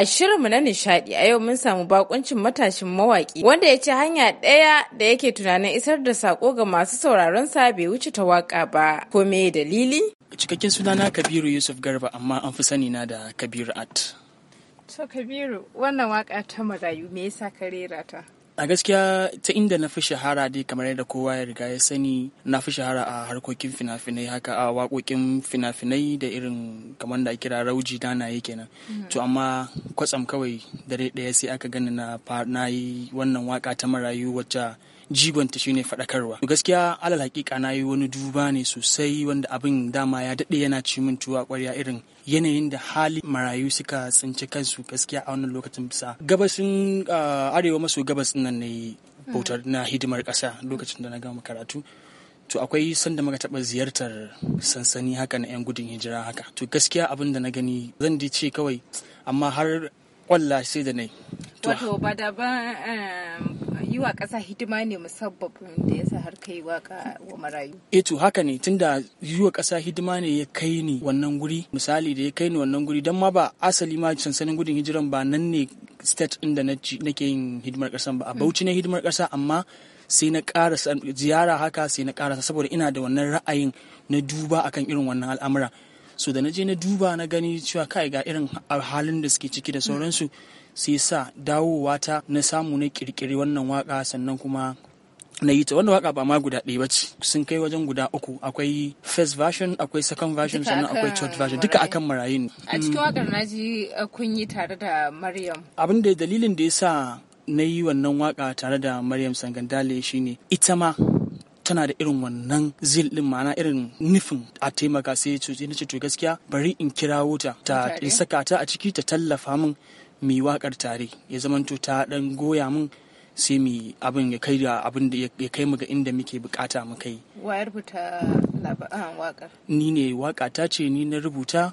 A shirinmu na nishadi a yau mun samu bakuncin matashin mawaki wanda ya ci hanya ɗaya da yake tunanin isar da sako ga masu sauraron sa bai wuce ta waka ba. Ko me dalili? Cikakken sunana Kabiru Yusuf Garba amma an fi sani na da Kabiru Art. To Kabiru wannan waka ta marayu me yasa ka rera ta? a gaskiya ta inda na fi shahara dai kamar yadda kowa ya riga ya sani na fi shahara a harkokin fina-finai haka a waƙoƙin fina-finai da irin kamar da kira rauji yake kenan mm-hmm. to amma kwatsam kawai dare ɗaya sai aka gani na yi wannan waka ta marayu wacce jigonta shine faɗakarwa gaskiya alal hakika na yi wani duba ne sosai wanda abin dama ya daɗe yana ci min tuwa ƙwarya irin yanayin da hali marayu suka tsinci kansu gaskiya a wannan lokacin bisa gabasin arewa maso gabas nan ne bautar na hidimar ƙasa lokacin da na gama karatu to akwai sanda muka taɓa ziyartar sansani haka na 'yan gudun hijira haka to gaskiya abin da na gani zan dai ce kawai amma har kwalla sai da nai wato ba da ban yi wa ƙasa hidima ne musabbabin da ya sa har yi waka wa marayu. eto eh haka ne tunda yi wa ƙasa hidima ne ya kai ni wannan guri misali da ya kai ni wannan guri don ma ba asali ma sansanin gudun hijiran ba nan ne state ɗin da nake yin hidimar ƙasa ba a bauchi na hidimar ƙasa amma sai na ƙara ziyara haka sai na ƙarasa saboda ina da wannan ra'ayin na duba akan irin wannan al'amura. so da na je na duba na gani cewa kai ga irin halin da suke ciki da sauransu sai sa dawowa ta na samu na kirkiri wannan waka sannan kuma na yi ta wannan waka ba ma guda ɗaya ba ce, sun kai wajen guda uku akwai first version akwai second version sannan akwai third version duka akan marayu ne a cikin mm. wakar na ji eh, kun yi tare da Maryam abin da dalilin da ya sa na yi wannan waka tare da Maryam Sangandale shine ita ma tana da irin wannan zil din ma'ana irin nufin a taimaka sai ce na ce to gaskiya bari in kirawo ta ta in saka ta a ciki ta tallafa min mu wakar tare ya zamanto ta dan goya min sai mu abin ya kai da abin da ya kai mu ga inda muke bukata mu kai wayar rubuta ah, wakar ni ne waka ta ce ni na rubuta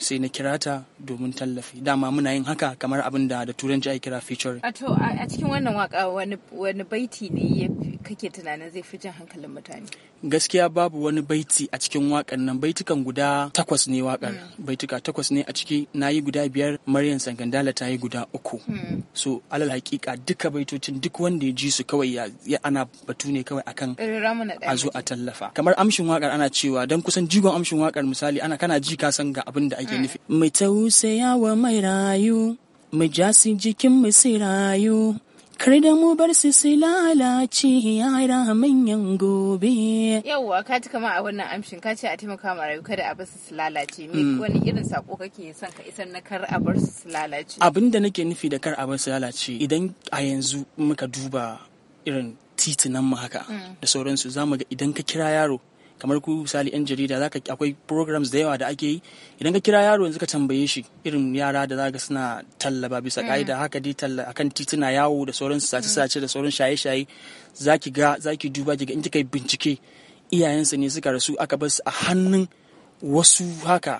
sai na kira ta domin tallafi dama muna yin haka kamar abin da da turanci a kira feature a to a cikin wannan waka wani baiti ne kake tunanin zai fi jan hankalin mutane gaskiya babu wani baiti a cikin wakan nan baitukan guda takwas ne wakar hmm. baituka takwas ne a ciki nayi guda biyar Maryam Sangandala ta yi guda uku hmm. so alal hakika duka baitocin duk wanda ya ji su kawai ya ana batu ne kawai akan eh, a zo a tallafa kamar amshin wakar ana cewa dan kusan jigon amshin wakar misali ana kana ji ka san ga abin da ake yake nufi. Mu tausaya wa mai rayu, mu jasi jikin mu si rayu, kar da mu bar su su lalace ra manyan gobe. Yawwa ka ji kama a wannan amshin ka ce a taimaka ma rayu kada a bar su su lalace. Me hmm. wani irin sako kake son ka isar na kar a bar su su lalace? Abin da nake nufi da kar a bar su lalace idan a yanzu muka duba irin nan mu haka hmm. da sauransu za mu ga idan ka kira yaro kamar ku misali yan jarida zaka akwai programs da yawa da ake yi idan ka kira yaro yanzu ka tambaye shi irin yara da zaka suna talla bisa mm. ka'ida haka dai talla akan tituna yawo da sauran sace-sace da sauran shaye-shaye zaki ga zaki duba ki ga in kika bincike iyayensa ne suka rasu aka bar su a hannun wasu haka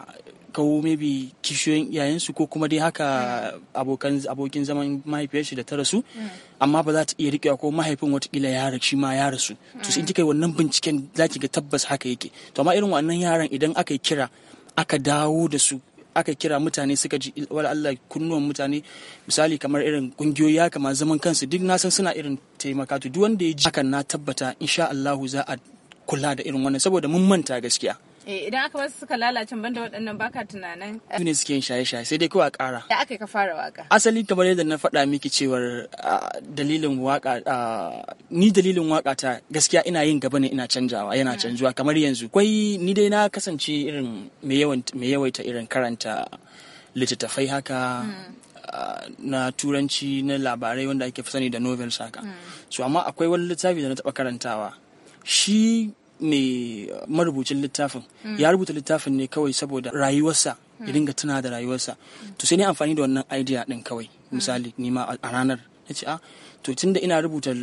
kawo maybe kishiyoyin iyayensu ko kuma dai haka abokan abokin zaman mahaifiyar shi da ta rasu mm. amma ba za ta iya rikewa ko mahaifin watakila ya shi ma ya rasu to in kika wannan binciken za ki ga tabbas haka yake to amma irin wannan yaran idan aka kira aka dawo da su aka kira mutane suka ji wala Allah kunnuwan mutane misali kamar irin kungiyoyi ya kama zaman kansu duk na san suna irin taimaka to duk wanda ya ji hakan na tabbata insha Allahu za a kula da irin wannan saboda mun manta gaskiya Eh, idan aka wasu suka lalace ban da waɗannan baka tunanin su ne suke yin shaye-shaye sai dai kawai a ƙara da aka ka fara waka asali kamar yadda na faɗa miki cewar dalilin waka ni dalilin waka ta gaskiya ina yin gaba ne ina canjawa yana mm. canjuwa kamar yanzu kwai ni dai na kasance irin mai yawaita irin karanta littattafai haka mm. na turanci na labarai wanda ake fi sani da novels haka mm. so amma akwai wani littafi da na taɓa karantawa shi mai marubucin littafin ya rubuta littafin ne kawai saboda rayuwarsa ya dinga tuna da rayuwarsa to sai ni amfani da wannan idea din kawai misali ni ma a ranar na ce a ah, to tunda ina rubuta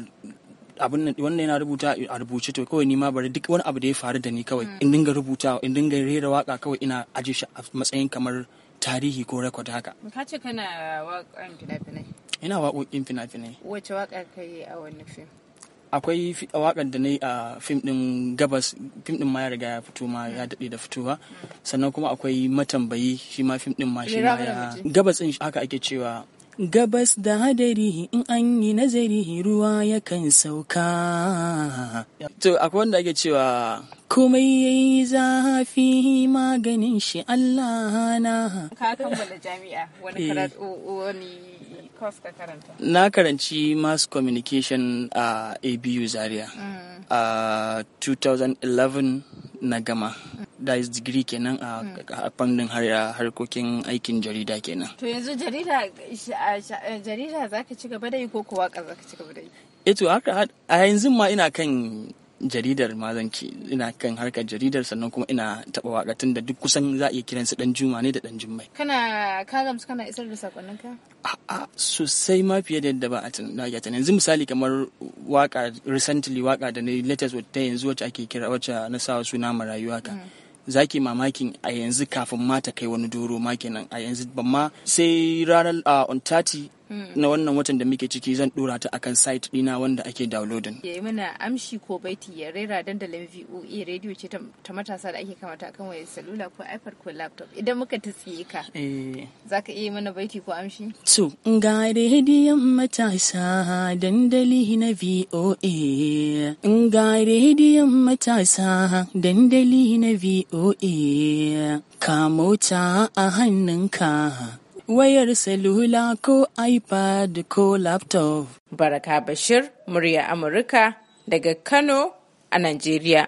abin nan wannan yana rubuta a rubuce to kawai ni ma bari duk wani abu da ya faru da ni kawai in dinga rubuta in dinga rera waka kawai ina aje shi a matsayin kamar tarihi ko rekod haka ka ce kana waƙoƙin fina-finai ina waƙoƙin fina-finai wace waƙa ka yi a wani fim akwai wakar da na yi a fim ɗin gabas fim ɗin ma ya riga ya fito ma ya daɗe da fitowa sannan kuma akwai matambayi shi ma fim ɗin ma shi ma ya gabas ɗin haka ake cewa gabas da hadari in an yi nazari ruwa yakan sauka to akwai wanda ake cewa Kuma ya yi zafi maganin shi Allah na ka kammala jami'a wani eh. course ka karanta? Na karanci mass communication a ABU Zaria. Mm. A 2011 na gama. Da mm. is degree kenan a mm. fannin harkokin aikin jarida kenan. To yanzu jarida jarida za ka ci gaba da yi ko kuwa ka za ka ci gaba da yi? Eto eh a yanzu ma ina kan jaridar ma zan ke ina kan harkar jaridar sannan kuma ina taɓa waka tun da duk kusan za a iya kiransu dan juma ne da dan jummai kana ka gamsu kana isar da sakonninka a'a sosai ma fiye da yadda ba a tunani ta yanzu misali kamar waka recently waka da na latest ta yanzu wacce ake kira wacce na sawa suna marayuwa mm. ka zaki mamakin a yanzu kafin ma ta kai wani doro ma kenan a yanzu ban ma sai ranar ah, on 30 na wannan watan da muke ciki zan dora ta akan site dina wanda ake downloading ya yi mana amshi ko baiti ya rera dandalin voa radio ce ta matasa da ake kamata akan wayar salula ko ipad ko laptop idan muka ta tsiye ka eh. za ka iya mana baiti ko amshi to ga rediyon matasa dandali na voa ga rediyon matasa dandali na voa ka mota a hannunka wayar salula ko ipad ko laptop. Baraka Bashir, murya Amurka daga Kano a Najeriya.